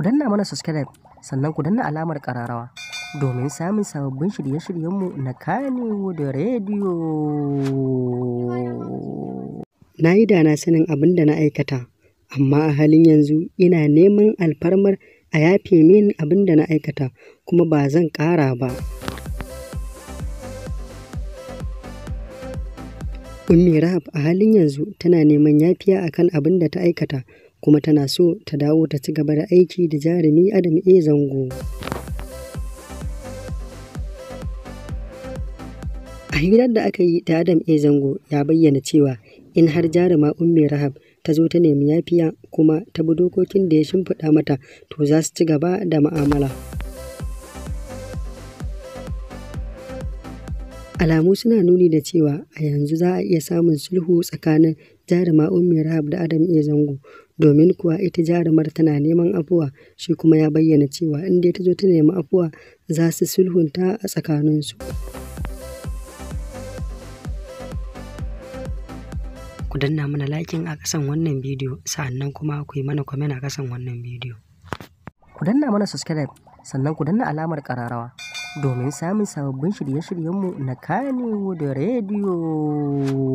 ku danna mana subscribe sannan ku danna alamar kararawa domin samun sababbin shirye-shiryenmu na kanewo da rediyo na yi da sanin abin da na aikata amma a halin yanzu ina neman alfarmar a yafe min abin da na aikata kuma ba zan ƙara ba Ummi Rahab a halin yanzu tana neman yafiya akan abin da ta aikata kuma tana so ta dawo ta ci gaba da aiki da jarumi Adam A Zango. A hirar da aka yi da Adam A Zango ya bayyana cewa in har jaruma Ummi Rahab ta zo ta nemi yafiya kuma ta bi dokokin da ya shimfiɗa mata to za su ci gaba da ma'amala. Alamu suna nuni da cewa a yanzu za a iya samun sulhu tsakanin jaruma Ummi Rahab da Adam A. Zango, domin kuwa ita jarumar tana neman afuwa, shi kuma ya bayyana cewa in dai ta zo ta nemi afuwa za su sulhunta a tsakaninsu. Ku danna mana lakin a ƙasan wannan bidiyo, sannan kuma ku yi mana kwamen a ƙasan wannan bidiyo. Ku danna mana subscribe, sannan ku danna alamar kararawa. domin samun sababbin shirye-shiryenmu na da rediyo